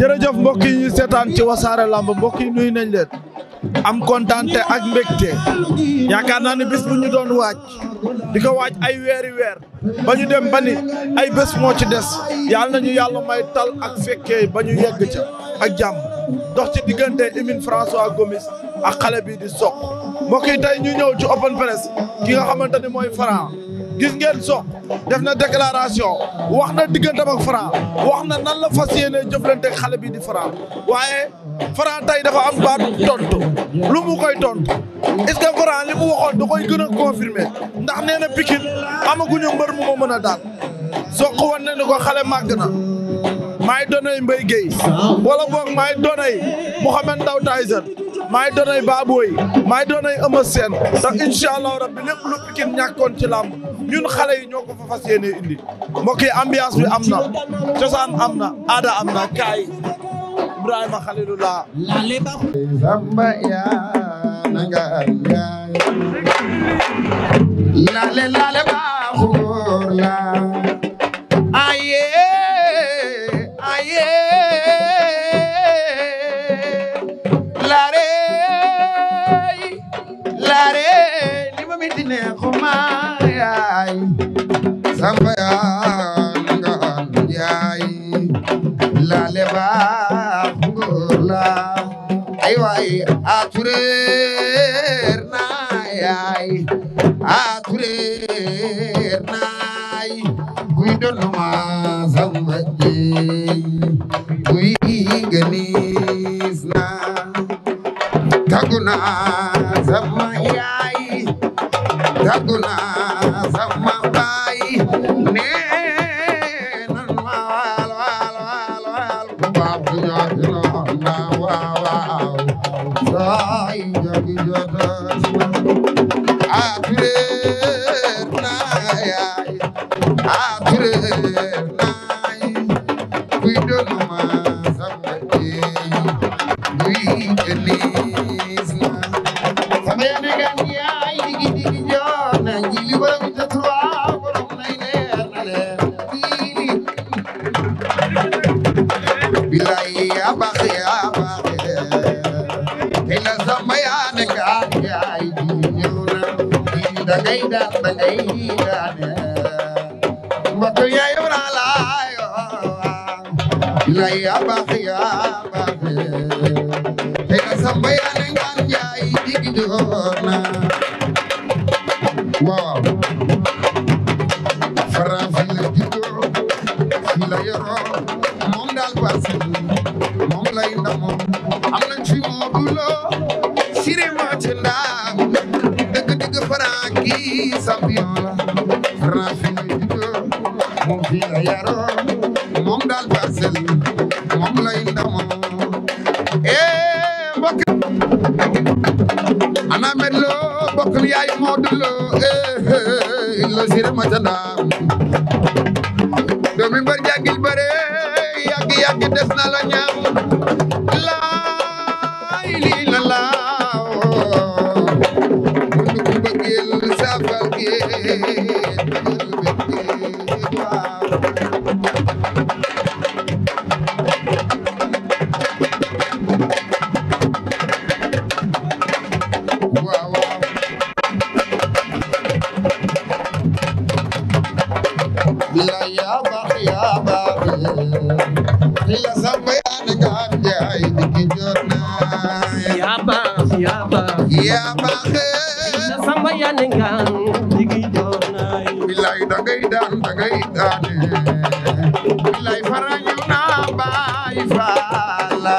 jërëjëf mbokk yi ñu seetaan ci wasaare lamb mbokk yi nuyu nañ leen am kontaante ak mbégte yaakaar naa ne bés bu ñu doon waaj di ko waaj ay weeri weer ba ñu dem ba ni ay bés moo ci des yàlla nañu yàlla may tal ak fekkee ba ñu yegg ca ak jàmm dox ci diggante Emine François Gomis ak xale bi di Sokh mbokk yi tey ñu ñëw ci open press ki nga xamante ni mooy Franc gis ngeen Sokh def na déclaration wax na diggantam ak Franc wax na nan la fas yéenee jëflante xale bi di Franc waaye Franc tey dafa am baat tontu lu mu koy tontu est-ce li mu waxoon da koy gën a confirmer ndax nee na Pikine amaguñu mbër mu ma mën a daal Sokh wan ne ni ko xale màgg na maay doonay Mbaye Guèye wala boog maay doonay Mouhamed Ndao Tyson maay doonay Baboy maay doonay Eumeu Sène ndax incha allah rabbi lépp lu Pikine ñàkkoon ci làmb ñun xale yi ñoo ko fa fas indi mbokk ambiance bi am na cosaan am na aada am na kaay Ibrahima Khalilullah samba yaa na nga yaay laale laale la yaay a tureer na yaay a tureer naay guy doon ma samba jeey guy geniis na taguna samba yaay taguna ay daal ay daane mbokk yaay wala laayo lay abaax yaa baax te na sambay lay farañu na bay faala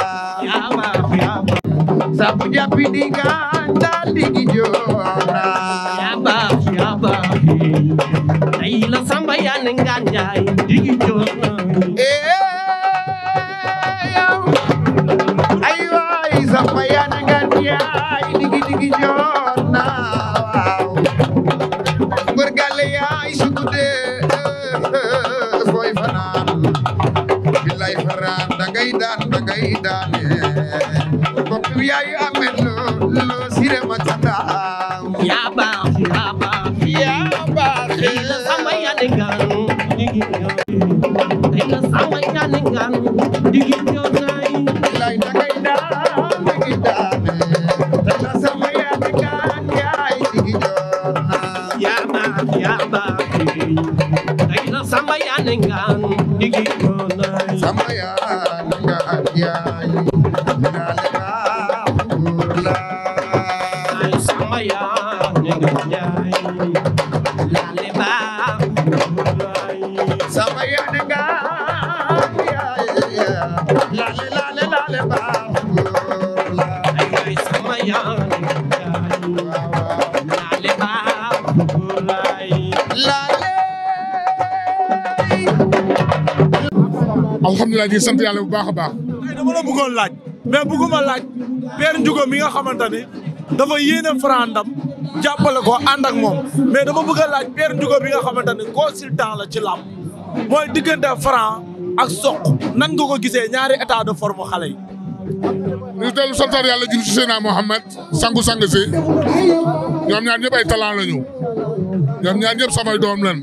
sabu japi di gandal digi joona yaba yaba ay la samba yan nganjay digi joona eh ay way samba yaayu alhamdulilah ñu ngi sant yàlla bu baax a baax. tey dama la bëggoon laaj. mais bëgguma laaj. Père nga xamante ni dafa yéene Franc ndam jàppale ko ànd ak moom mais dama a laaj Père bi nga xamante ni consultant la ci làmb mooy diggante Franc ak Sokh nan nga ko gisee ñaari état de forme xale yi. ñu dellu sant yàlla jul ci Seydina Mohamed sangu sang si ñoom ñaar ñëpp ay talent la ñoom ñaar ñëpp samay doom lan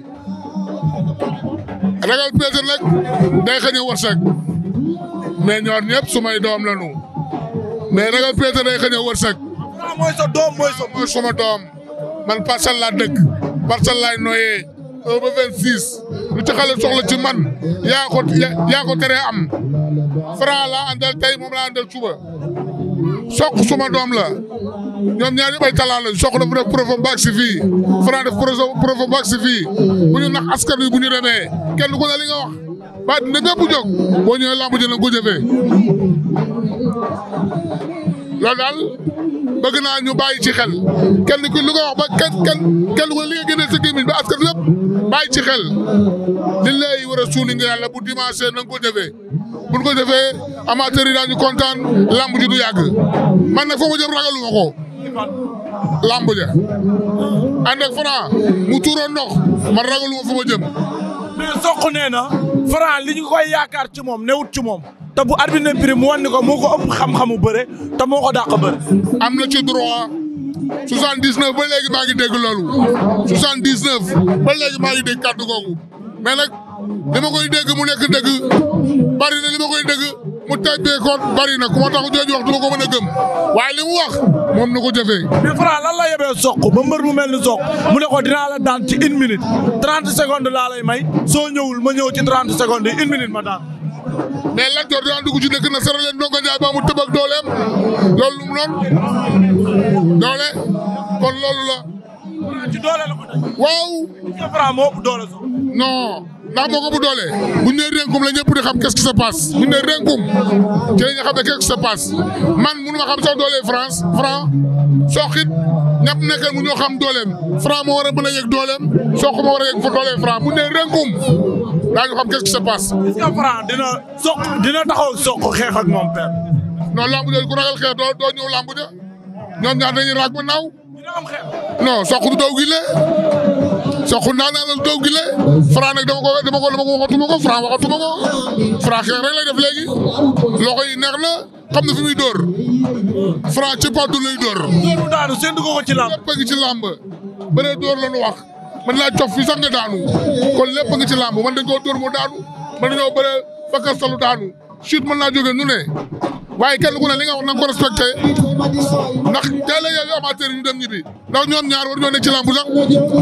ragal péete nag day xëñ a wërsëg mais ñoor ñëpp sumay doom la ñu mais ragal péete day xëñ a wërsëg. mooy suma doom man parcelle laa dëkk parcelle laay noyee un ba vingt six ci xale soxla ci man yaa ko yaa ko teree am Franc laa àndal moom laa àndal suba soq suma doom la ñoom ñaar ñëpp ay talent lañ soxla bu def profom baag si fii Franc fii bu ñu nax askan wi bu ñu demee kenn ku ne li nga wax ba dina bépp jóg boo ñëwee lamb ji nag ko jëfee loolu daal bëgg naa ñu bàyyi ci xel kenn ku li nga wax ba kenn kenn kenn ku ne li nga génnee sa gémmiñ ba askan lépp bàyyi ci xel li lay war a suuli nga yàlla bu dimanche na nga ko jëfee buñ ko jëfee amateurs yi daañu kontaan lamb ji du yàgg man nag foo ma jëm ragalu ma ko lamb ja ànd ak Franc mu tuuroo ndox man ragaluma fu ma jëm. mais soq nee na Franc li ñu koy yaakaar ci moom newut ci moom. te bu arbitre bi mu wan ni ko moo ko ëpp xam-xamu bëre te moo ko dàq bëre. am na ci droit. 79 ba léegi maa ngi dégg loolu 79 ba léegi maa ngi dégg kàddu googu mais nag ma koy dégg mu nekk dëgg bari na li ma koy dégg. mu tey bee ko bari na ku ma tax jooju wax du ma ko mën a gëm waaye li mu wax moom na ko jëfee. mais Franc lan la yebee soq ba mbër mu mel ni soq mu ne ko dinaa la daan ci une minute trente secondes laa lay may soo ñëwul ma ñëw ci trente secondes yi une ma daan. mais la Dior daan dugg ci dëkk na sara leen ndongo Njaay ba mu tëb ak dooleem loolu lu mu doole kon loolu la. ci doole la ko daj. waaw. Franc moo ëpp doole soq. non. ndax boo ko bu doolee bu ñu nee la ñëpp di xam quest mu qui se passe bu ñu ci la ñu xam ne man mënu ma xam sax doolee France franc soq it ñëpp nekkee mu ñoo xam dooleem franc moo war a mën a yëg dooleem soq moo war a yëg fa doolee franc bu ñu nee Renkum daañu xam qu'est-ce dina soq dina taxaw soq xeex ak moom père. non lambu xeex doo ñëw lambu ñoom ñaar dañuy raag ba naaw. non soq du daw soxna naa naa la doog gi le Franc nag dama ko dama ko dama ko waxatuma ko Franc waxatuma ko Franc xeex rek lay def léegi loxo yi neex na xam na fi muy dóor Franc ci pàddu lay dóor. ko ko ci làmb. lépp a ngi ci la nu wax man naa cof fi sax nga daanu kon lépp a ngi ci làmb man dañ koo dóor mu daanu man dañoo bëree fakkastalu daanu chute mën naa jóge nu ne. waaye kenn ku ne li nga na ko respecté ndax teel a yooyu amateur yi ñu dem ñibbi ndax ñoom ñaar war ñoo nekk ci lambu sax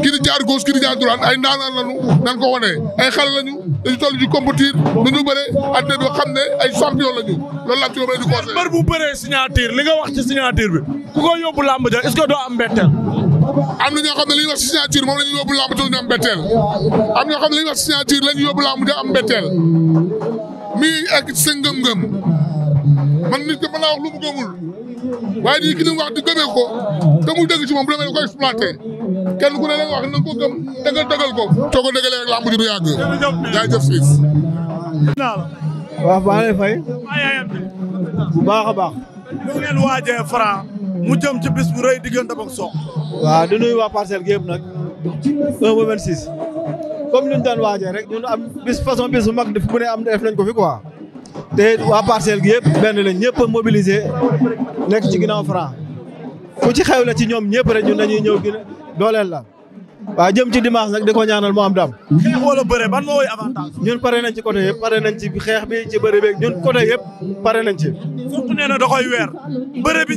kii di jaar gauche kii di jaar droite ay ndaanaan lañu nañ ko wane ay xale lañu dañu toll di compétir dañu bëre at xam ne ay champion lañu loolu laa ci yóbbee di conseil. mbër bu bëree signature li nga wax ci signature bi ku ko yóbbu lamb ja est am mbetteel. am na ñoo xam ne li ñuy wax signature moom la ñuy yóbbu lamb ja ñu am mbetteel am ñoo xam ne li ñuy wax signature la ñuy yóbbu lamb ja am mbetteel mi ak sa man nit ki mën naa wax lu mu gëmul waaye di ki li mu wax di gëmee ko te mu dëgg ci moom bu demee da ko exploité kenn ku ne la nga wax na nga ko gëm dëggal dëggal ko. soo ko dëggalee rek làmb ji du yàgg jaajëf siis. waaw maa lay fay. bu baax a baax. ñu ngeen waajee Franc mu jëm ci bis bu rëy diggante ak Sokh. waaw di nuyu waa parcelle gépp nag. 1 ba 26. comme ni ñu daan waajee rek ñun am bis façon bis bu mag def bu ne am def nañ ko fi quoi. te waa parcelle gi yëpp benn la ñëpp a mobilisé nekk ci ginnaaw Franc ku ci xew la ci ñoom ñëpp rek ñun dañuy ñëw gën doole la waaw jëm ci dimanche nag di ko ñaanal mu am dam xeex wala bëre ban moo woy avantage. ñun pare nañ ci côté yëpp pare nañ ci xeex bi ci bëre bi ñun côté yëpp pare nañ ci. surtout nee na da koy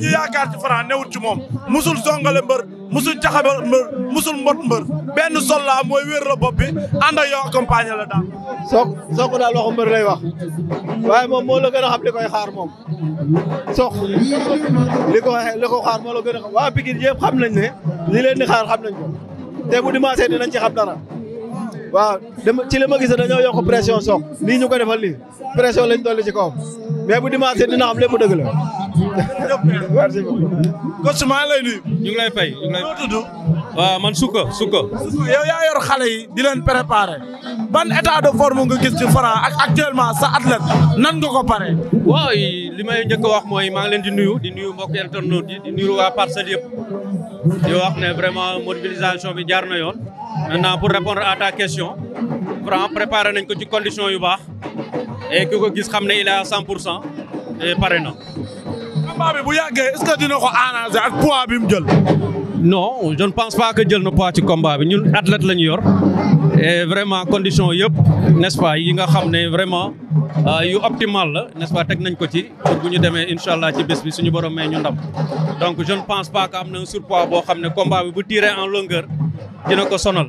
ñu yaakaar ci Franc newut ci moom musul songale mbër. musul jaxabal mbër musul mbot mbër benn sol la mooy wér la bopp bi ànd ak yow la daal. sook sook daal waxu mbër lay wax waaye moom moo la gën a xam li koy xaar moom sook li ko ko xaar moo la gën a xam waa Pikine yëpp xam nañ ne li leen di xaar xam nañ ko te bu dimanche dinañ ci xam dara. waaw dama ci li ma gis dañoo yokk pression sook nii ñu ko defal lii pression lañ dolli ci kaw mais bu dimanche dina xam lépp dëgg la. merci beaucoup. coach maa lay ñu ngi lay fay ñu ngi lay. tudd. waaw man Souka Souka. yow yaa yor xale yi di leen préparer. ban état de forme nga gis ci Franc ak actuellement sa athlète nan nga ko pare. waaw li may njëkk a wax mooy maa ngi leen di nuyu di nuyu mbokk internautes yi di nuyu waa Parcelles yëpp. di wax ne vraiment mobilisation bi jaar na yoon. maintenant pour répondre à ta question. Franc préparé nañ ko ci condition yu baax. et ku gis xam ne il est à 100 pour cent et pare na. combat bu yàggee est-ce que dina ko arranger ak poids bi mu jël. non je ne pense jël na poids ci combat bi ñun athlète la ñu yor et vraiment condition yëpp n'est-ce pas yi nga xam ne vraiment euh, yu optimal la n'est-ce pas teg nañ ko ci pour bu ñu demee incha allah ci bés bi suñu borom may ñu ndam donc je ne pense pas am na un surpoids boo xam ne combat bi bu tiré en longueur dina ko sonal.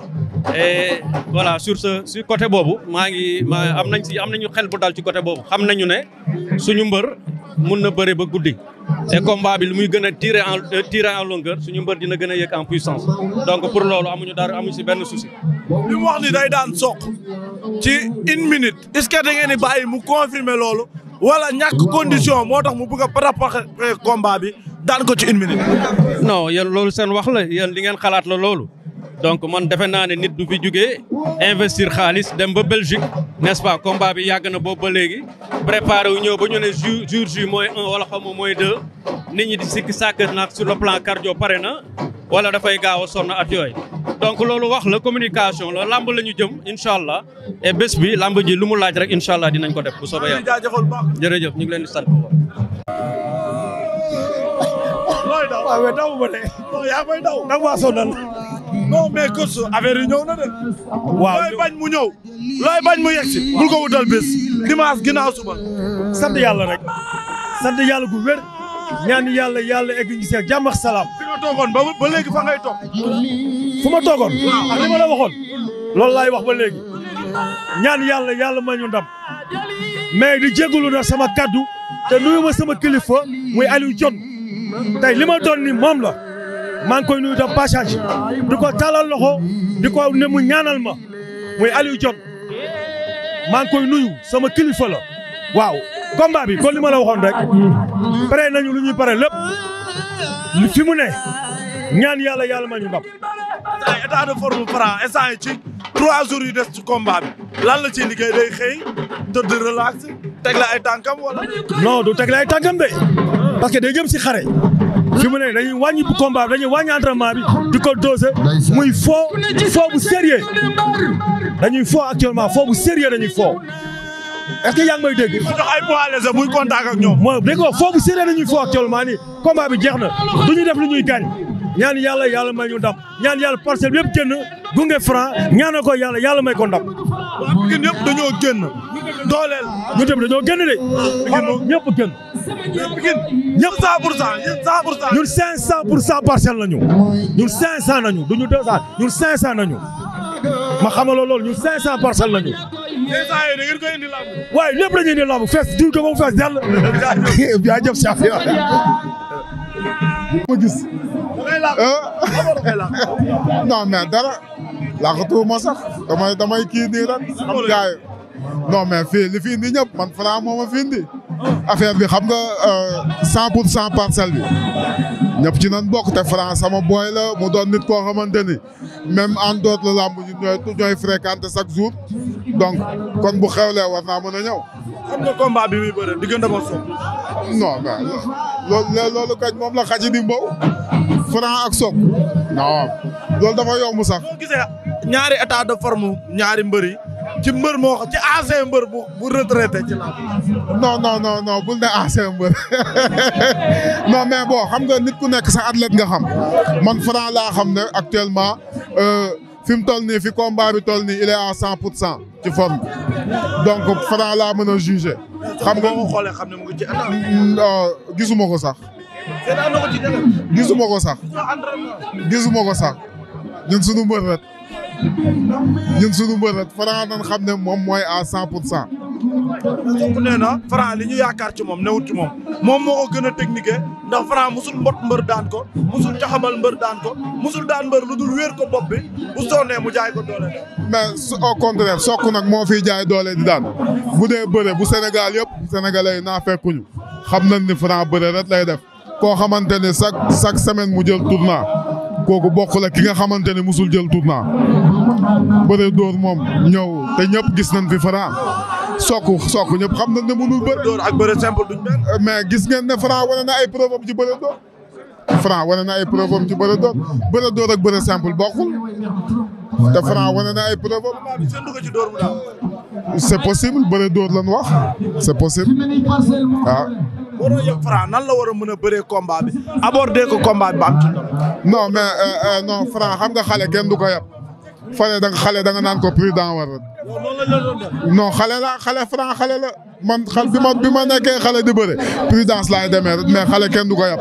et voilà sur ce sur côté boobu maa ngi ma am nañ si am nañu xel bu dal ci côté boobu xam nañu ne suñu mbër mun na bëre ba guddi et combat bi lu muy gën a tiire en euh, tirer en longueur suñu mbër dina gën a yëg en puissance donc pour loolu amuñu dara amuñu si benn souci. li mu wax ni day daan soq ci une minute est-ce que da ngeen di bàyyi mu confirmer loolu wala ñàkk condition moo tax mu bëgg a préparer combat bi daan ko ci une minute. non yéen loolu seen wax la yéen li ngeen xalaat la loolu. donc man defe naa ne nit du fi jugee investir xaalis dem ba Belgique n'est-ce pas bi yàgg na boobu ba léegi préparé wu ñëw ba ñu ne jour jour ji mooy un wala xam nga mooy deux nit ñi di sikki sàkk nag sur le plan cardio pare na wala dafay gaaw a sonn at yooyu. donc loolu wax la communication la làmb la ñu jëm incha allah et bés bi làmb ji lu mu laaj rek incha allah dinañ ko def bu soobee yàlla jërëjëf ñu ngi leen di sant. waaw non mais coach affaire yi ñëw na de. waaw looy bañ mu ñëw. looy bañ mu yegsi. bul ko wutal bés. dimanche ginnaaw suba. sant yàlla rek. sant yàlla gu wér. ñaan yàlla yàlla egg ñu seeg jàmm salaam. fi nga toogoon ba ba léegi fa ngay fu ma toogoon. ak li ma la waxoon. wax ba léegi. ñaan yàlla yàlla ma ñu ndam. mais di jégalu sama kaddu. te nuyu sama kilifa muy Aliou Dione. tey li ma doon ni moom la. maa ngi koy nuyu de passage di ko taalal loxo di ko ne mu ñaanal ma muy Aliou Diop maa ngi koy nuyu sama kilifa la waaw combat bi ko li mala la waxoon rek pare nañu lu ñuy pare lépp fi mu ne ñaan yàlla yàlla ma ñu ndam. ay état de forme Franc instant yi ci trois jours yu des ci combat bi lan la ciy liggéey day xëy tëdd relax teg la ay tànkam wala. non du teg la ay tànkam de parce que day jëm si xare. fi mu ne dañuy wàññi combat bi dañuy wàññi entraînement bi di ko doser muy foo foo bu sérieux dañuy fo actuellement foo bu sérieux dañuy foo est-ce que yaa ngi may dégg. ay poids léger muy contact ak ñoom. mooy dégg nga foo bu sérieux dañuy foo actuellement nii combat bi jeex na du ñu def lu ñuy gaañ ñaan yàlla yàlla may ñu ndam ñaan yàlla parcelle bi yëpp génn gunge franc ñaanal ko yàlla yàlla may ko ndam. waaw ñun yëpp dañoo génn dooleel. ñun tamit dañoo génn de. ñëpp génn. ñëpp 100 pour cent ñun 100 pour cent. ñun 500 pour cent parcelle la ñu ñun 500 nañu du ñu 200 ñun nañu ma xamaloo loolu ñun 500 parcelle la ñu. 500 yooyu da ngeen koy indi lamb. waaye lépp la ñuy fees diw ko ba mu fees dell. jaajëf jaajëf champion. ma gis. non mais dara. laaxatu ma sax damay damay kii nii rek. xam gars fii li fi man Franc moo affaire bi xam nga euh, cent pour cent parcelle bi ñëpp ci nan bokk te sama booy la mu doon nit koo xamante ni même en dehors la làmb ñu ñooy ñooy fréquenté chaque jour donc kon bu xewlee war naa mën a ñëw. xam nga combat bi muy bëre diggante ma Sokh. non mais loolu loolu kañ moom la xaji di mbow. Franc ak Sokh. non loolu dafa yomb sax. ñaari état de forme ñaari mbër yi ci mbër moo ci ancien mbër bu bu retraité ci la non non non non mais bon xam nga nit ku nekk sa athlète nga xam man Franc laa xam ne actuellement euh, fi mu toll nii fi combat bi nii il est à cent pour cent ci forme donc Franc laa mën a jugé. xam nga boo xoolee xam ne mu ngi ci mm, euh, gisuma ko sax. gisuma ko sax. gisuma ko sax ñun suñu mbër rek. ñun suñu mbër la Franc nan xam ne moom mooy à cent pour cent nee na Franc li ñu yaakaar ci moom newut ci moom moom moo ko gën a technique ndax Franc musul mbot mbër daan ko musul jaxamal mbër daan ko musul daan mbër lu dul ko bopp bi bu sonnee mu jaay ko doole mais au contraire sokk nag moo fiy jaay doole di daan bu dee bëre bu Sénégal yëpp sénégalais yi naa fekkuñu xam nañ ni Franc bëre rek lay def koo xamante ne chaque chaque semaine mu jël tournoi kooku bokk la ki nga xamante ne musul jël tournoi bëre dóor moom ñëw te ñëpp gis nañ fi Franc sook sook ñëpp xam na ne mënul bëre dóor ak bëre simple duñ benn euh, mais gis ngeen ne Franc wane na ay preuve am ci bëre dóor na ay preuve am ci bëre ak bëre simple bokkul te Franc wane na ay preuve am c'est possible bëre dóor lan wax c'est possible ah. waroo yëpp la war a mën a bëree combat bi ko combat bi ba am ci ndam. non mais euh, euh, xam nga xale kenn du ko yab fële da xale da nga naan ko prudent war non xale la xale Franc xale la man xal bi ma bi ma nekkee xale di bëre prudence laay demee rek mais xale kenn du ko yab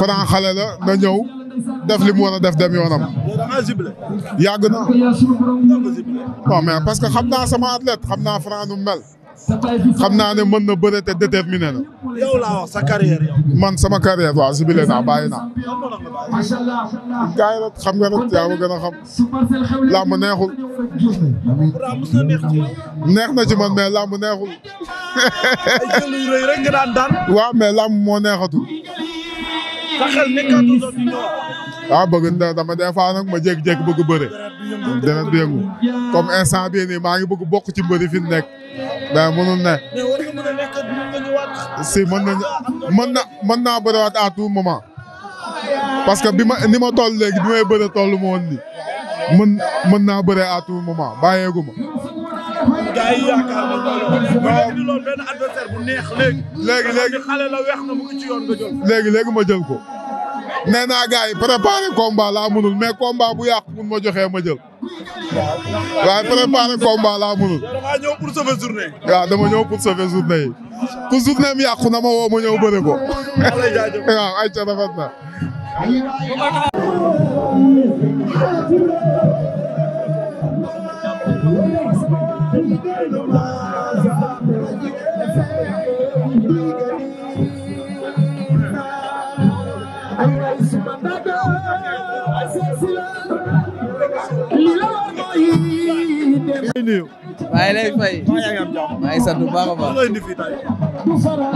Franc xale la na ñëw. def li mu war a def dem yoonam. yàgg na. non mais parce que xam naa sama athlète xam naa Franc nu mel. xam naa ne mën na bëre te déterminé mi yow laa wax sa carrière yow. man sama carrière waaw sibile naa bàyyi naa. xam nga rek yaa ma gën a xam. làmb neexul. neex na ci man mais làmb neexul. rek nga daan daan. waaw mais làmb moo neexatul. sa xel nekkatul waaw ah, bëgg na dama des fois nag ma jékki-jékki bëgg bëre. deret bi yëngu comme instant bii nii maa ngi bëgg bokk ci mbëri fi nekk mais mënul si mën na mën naa bëriwaat à tout moment. parce que bi ma ni ma toll léegi bi may bëre toll ma woon nii mën naa bëre à tout moment bàyyeegu ma. gaa yi ma jël ko. nee naa gars yi préparé combat laa mënul mais combat bu yàqu mun ma joxee ma jël. waaye préparé combat laa mënul. dama ñëw pour sauver journée. waaw dama ku journée mi yàqu na ma woo ma ñëw bëri ko. waaw ay ca rafet na. nuyu. maa ngi fay. maa ngi sant bu a baax.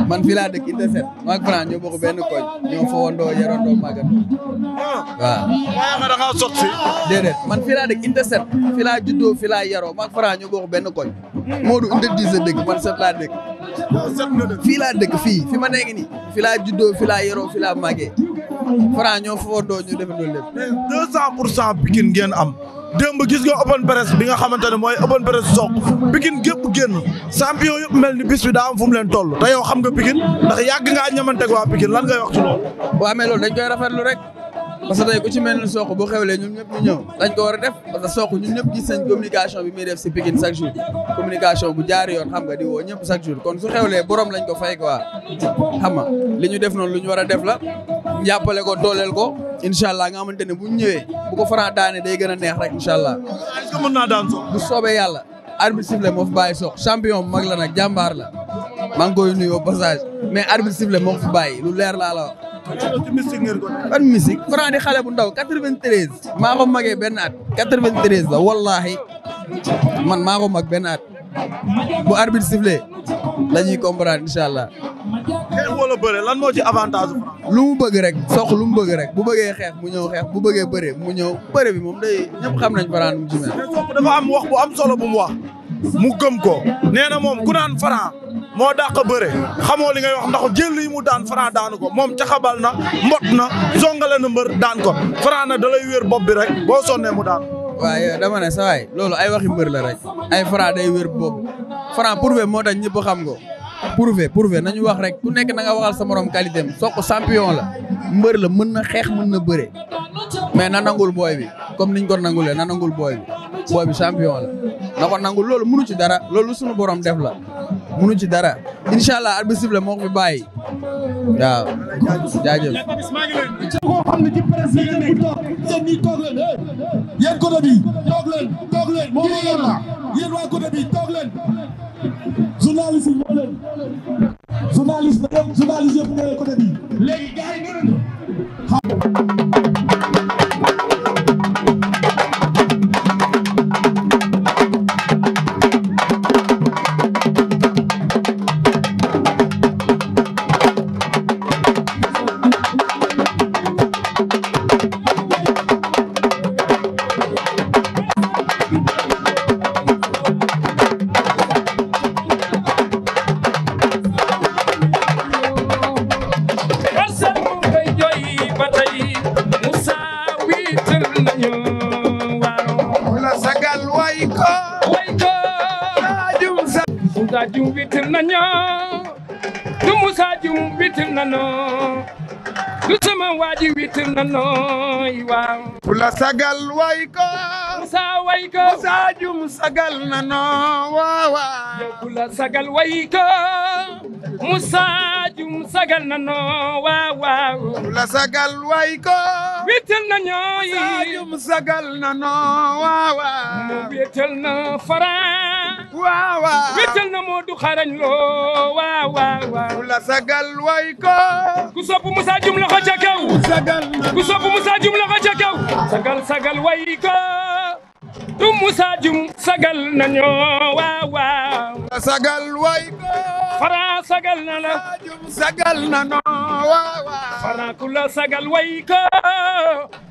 man fii dëkk Inteset. maa ngi Franc ñoo bokk koñ. ñoo fowandoo yarandoo màggandoo. Ah. waaw. waaw nga da ngaa sot fii. déedéet man fii laa dëkk Inteset. fii laa juddoo fii laa yaroo maa ngi Franc koñ. Modou Inte dix la dëkk man set laa dëkk. fii laa dëkk fii fi ma nekk nii. fii laa juddoo fii laa yaroo fii laa ñoo fowandoo ñu def loolu lépp. mais am. démb gis nga open press bi nga xamante ne mooy open press soq Pikine gépp génn champion yëpp mel ni bis daa am fu mu leen toll te yow xam nga Pikine ndax yàgg ngaa ñamanteeg waa Pikine lan ngay wax ci loolu. waaw mais loolu dañ koy rafetlu rek. parce que tey ku ci mel ni Sokh bu xewlee ñun ñëpp ñu ñëw dañ ko war a def parce que ñun ñëpp gis nañ communication bi muy def si Pikine chaque jour communication bu jaar yoon xam nga di woo ñëpp chaque jour kon su xewlee borom lañ ko fay quoi xam nga li ñu def noon lu ñu war a def la jàppale ko dooleel ko incha allah nga xamante ne bu ñëwee bu ko Franc daane day gën a neex rek incha allah. mën bu soobee yàlla. arbitre sifflé moo fi bàyyi sox champion bu mag la nag jàmbaar la maa ngi koy passage mais arbitre sifflé moo ko bàyyi lu leer laa la wax. ban musique Franc di xale bu ndaw 93. maa ko magee benn at. 93 la wallaahi man bu arbitre sifflé la ñuy comprendre incha allah. xeex wala bëre lan moo ci avantage lu mu bëgg rek sox lu mu bëgg rek bu bëggee xeex mu ñëw xeex bu bëggee bëre mu ñëw bëre bi moom day ñëpp xam nañ Franc nu mu ci am wax bu am solo bu mu mu gëm ko nee na moom ku naan Franc moo dàq bëre xamoo li nga wax ndax jël yi mu daan Franc daanu ko moom ca xabal na mbot na zongale na mbër daan ko Franc na da lay wéer bi rek boo sonnee mu daan. waaye dama ne sa waay loolu ay waxi mbër la rek ay Franc day wér boobu Franc prouvé moo tax ñëpp xam ko prouvé prouvé nañu wax rek ku nekk na nga waxal sa morom qualité am Sokh la mbër la mën na xeex mën na bëre mais na nangul booy bi comme niñ ko nangulee na nangul booy bi booy bi champion la na ko nangul loolu mënu ci dara loolu suñu borom def la munu ci dara incha allah arbitre siffle moo ko fi bàyyi waaw jaajëf. koo xam ne ci presse bi ngeen nekk yéen ñii toog leen yéen côté bi toog leen toog leen moom moo yor la yéen waa côté bi toog leen journaliste yi moo leen journaliste journaliste yëpp côté bi léegi gars yi sagal way ko musa way ko musa na no wawa yobula sagal way na no wawa yobula sagal na ñoy waaw waaw wétal na Modou xarañ loo waaw waaw waaw. ku la sagal way ko. ku sopp Moussa Dioum loxo ca kaw. sagal ku sopp Moussa Dioum loxo ca kaw. sagal sagal way ko. du Moussa Dioum sagal nañoo waaw waaw. ku la sagal way ko. Fara sagal na la. Moussa Dioum sagal nañoo waaw waaw. Fara ku la sagal way ko.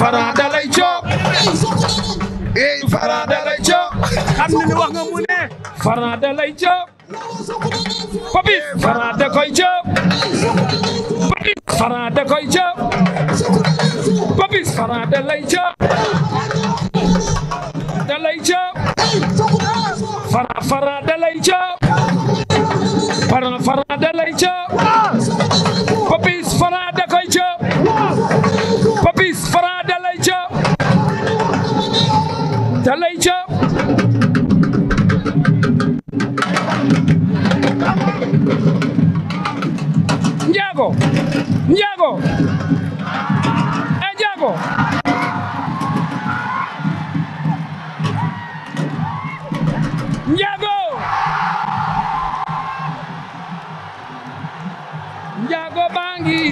Fara dalay coob ey Fara dalay coob nga mu ne Fara dalay coob Papis Fara da koy coob Papis dalay coob dalay coob dalay coob Fara Fara dalay coob dalay ca njaago njaago e njaago njaago njaago bangi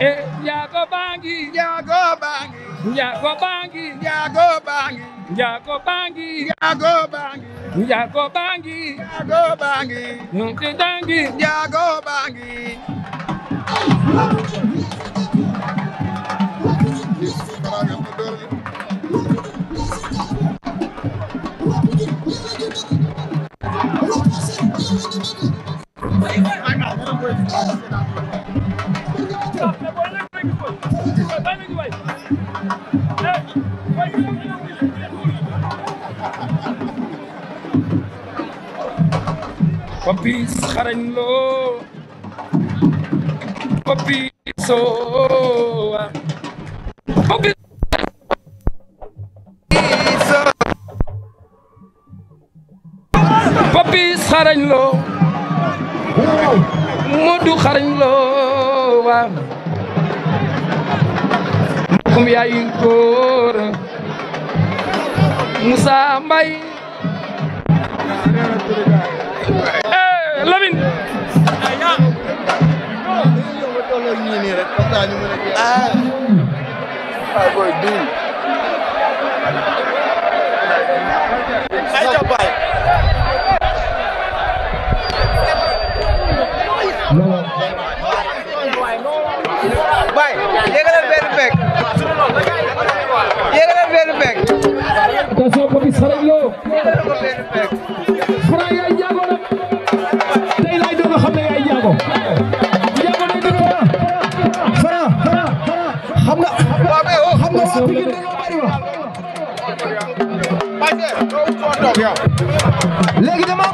e njaago bangi Njaago bangi. Njaago bangi. Njaago bangi. Njaago bangi. Papis xarañ loo Papis oo Papis Papis xarañ loo Modou xarañ loo waaw mbokkum yaayu góor Moussa Lamine. ah. ah booy duul. Baay yégalal benn pegg yégalal benn pegg. attention Papis Xarañ Lo. yégalal ko benn pegg. ko Franc Franc xam nga xam nga waa Pikine dañoo bari wax léegi dama